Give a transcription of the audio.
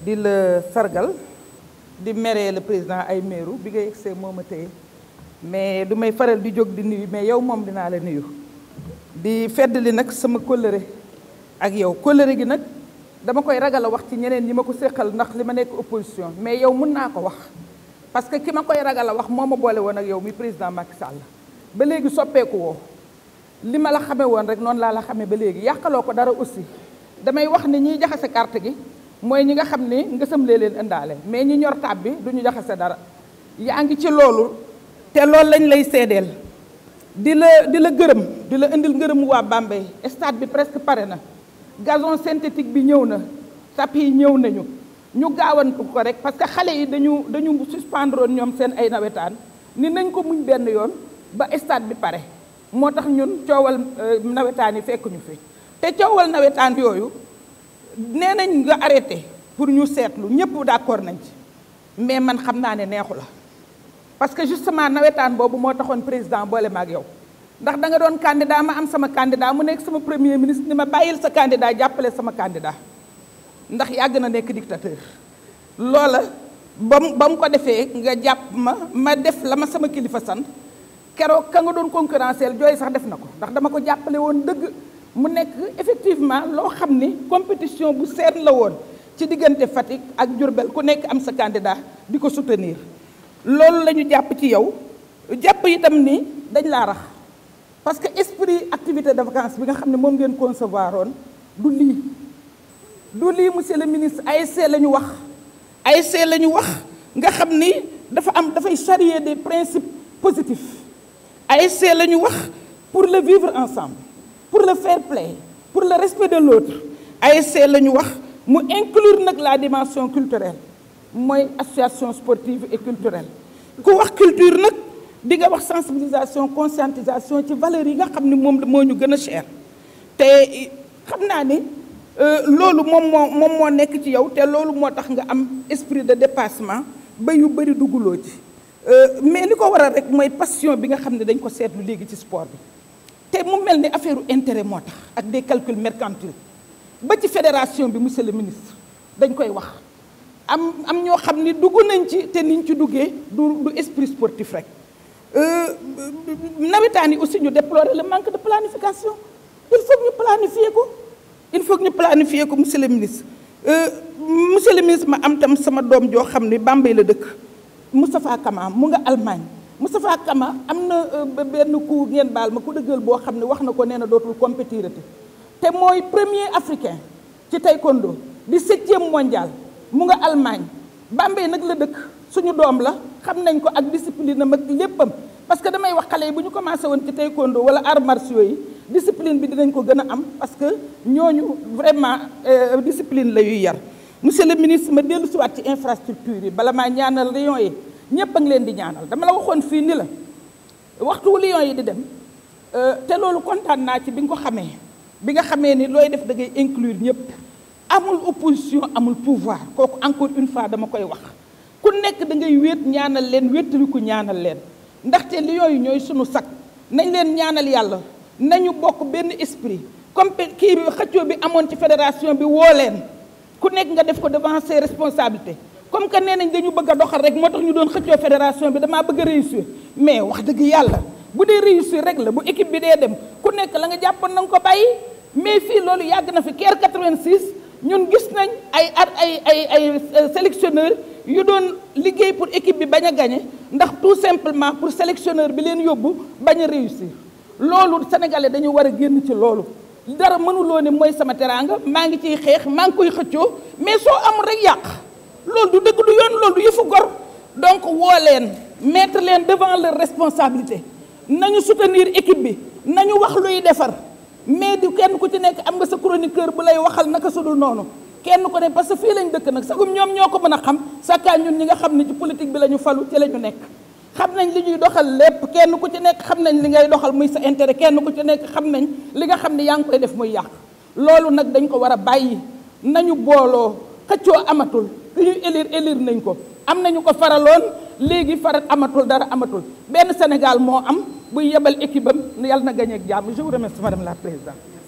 di la sargal di meree la président ay meeru bi ngay yegsee moom a téye mais du may faral di jóg di nuyu mais yow moom dinaa la nuyu di feddali nag sama kóllëre ak yow kóllëre gi nag dama koy ragal a wax ci ñeneen ñi ma ko séqal ndax li ma nekk opposition mais yow mun naa ko wax parce que ki ma koy ragal a wax moo ma boole woon ak yow mi président Macky Sall ba léegi soppeeku woo li ma la xamee woon rek noonu laa la xamee ba léegi yàqaloo ko dara aussi damay wax ni ñiy jaxase carte gi mooy ñi nga xam ne ngësam lee leen indaale mais ñi ñor tab bi du ñu jaxase dara yaa ngi ci loolu te loolu lañ lay seedeel di la di la gërëm di la indil ngërëm waa Bambey stade bi presque pare na gazon synthétique bi ñëw na tapis yi ñëw nañu ñu gaawan ko rek parce que xale yi dañu dañu suspendre ñoom seen ay nawetaan ni nañ ko muñ benn yoon ba stade bi pare moo tax ñun coowal euh, nawetaan yi fekkuñu fi te coowal nawetaan yooyu nee nañ nga arrêté pour ñu seetlu ñëpp d'accord nañ ci mais man xam naa ne neexu la parce que justement nawetaan boobu moo taxoon président boole ma ak yow ndax da nga doon candidat ma am sama candidat mu nekk sama premier ministre ni ma bàyyil sa candidat jàppale sama candidat ndax yàgg na nekk dictateur loola ba mu ba mu ko defee nga jàpp ma ma def la ma sama kilifa sant keroog ka nga doon concurrentiel jooy sax def na ko ndax dama ko jàppale woon dëgg mu nekk effectivement loo xam ni compétition bu seen la woon ci diggante Fatick ak Diourbel ku nekk am sa candidat di ko soutenir loolu la ñu jàpp ci yow jàpp itam ni dañ laa rax parce que esprit activité de vacance bi nga xam ne moom ngeen concevoir oon du lii du lii monsieur le ministre ASC la ñu wax ASC la ñu wax nga xam ni dafa am dafay charrier des principe positifs ASC la ñu wax pour le vivre ensemble pour le fair play pour le respect de l'autre ASC la ñu wax mu inclure nag la dimension culturelle mooy association sportive et culturelle ku wax culture nag di nga wax sensibilisation conscientisation ci valeurs yi nga xam ni moom moo ñu gën a cher te xam naa ne euh, loolu moom moo moom moo nekk ci yow te loolu moo tax nga am esprit de dépassement ba yu bëri dugguloo ci euh, mais li ko waral rek mooy passion bi nga xam ne dañ ko seetlu léegi ci sport bi te mu mel ni affaire intérêt moo tax ak des calculs mercantiles ba ci fédération bi monsieur le ministre dañ koy wax am am ñoo xam ni dugg nañ ci te niñ ci duggee du du esprit sportif rek euh, nawetaan yi aussi ñu déplorer le manque de planification il faut ñu planifier ko il faut que ñu planifier ko monsieur le ministre euh, monsieur le ministre ma am tam sama doom joo xam ni Bambey la dëkk musafa Kama mu nga Allemagne Moustapha Kama am na euh, benn ku ngeen baal ma ku dëggal boo xam ne wax na ko nee na dootul compétirati te mooy premier africain ci taekwondo di septième mondial mu nga Allemagne Bambey nag la dëkk suñu doom la xam nañ ko ak discipline am ak léppam parce que damay wax xale yi bu ñu commencé woon ci taekwondo wala arts martiaux yi discipline bi dinañ ko gën a am parce que ñooñu vraiment euh, discipline la yu yar monsieur le ministre ma dellu siwaat ci infrastructure yi bala maa ñaanal rayon yi ñëpp a ngi leen di ñaanal dama la waxoon fii ni la waxtu Lions yi di dem euh, te loolu kontaan naa ci bi nga ko xamee bi nga xamee ni looy def da ngay inclure ñëpp amul opposition amul pouvoir kooku encore une fois dama koy wax ku nekk da ngay wéet ñaanal leen wéetali ko ñaanal leen ndaxte Lions yi ñooy sunu sag nañ leen ñaanal yàlla nañu bokk benn esprit comme kii bi bi amoon ci fédération bi woo leen ku nekk nga def ko devant ses responsabilités comme que nee nañ dañu bëgg doxal rek moo tax ñu doon xëccoo fédération bi damaa bëgg a réussir mais wax dëgg yàlla bu dee réussir rek la bu équipe bi dee dem ku nekk la nga jàppoon na ko bàyyi mais fii loolu yàgg na fi keer 86 ñun gis nañ ay at ay ay ay euh, sélectionneur yu doon liggéey pour équipe bi bañ a gagné ndax tout pour sélectionneur bi leen yóbbu bañ a réussir loolu sénégalais dañu war a génn ci loolu dara mënuloo ne mooy sama teraanga maa ngi ciy xeex maa ngi koy xëccoo mais soo am rek yàq loolu du dëkk du yoon loolu du yëfu gor donc woo leen mettre leen devant leur responsabilité nañu soutenir équipe bi nañu wax luy defar mais du kenn ku ci nekk am nga sa chroniqueur bu lay waxal naka sudul noonu kenn ko ne parce que fii lañ dëkk nag sagum ñoom ñoo ko mën a xam sa sakkaa ñun ñi nga xam ne ci politique bi la ñu falu ci la ñu nekk xam nañ li ñuy doxal lépp kenn ku ci nekk xam nañ li ngay doxal muy sa intérêt kenn ku ci nekk xam nañ li nga xam ne yaa ngi koy def muy yàq loolu nag dañ ko war a bàyyi nañu booloo xëccoo amatul ki ñu élire nañ ko am nañu ko faraloon léegi farat amatul dara amatul benn Sénégal moo am buy yebal équipe am yàlla na gañ ak jàmm je vous remercie madame la présidente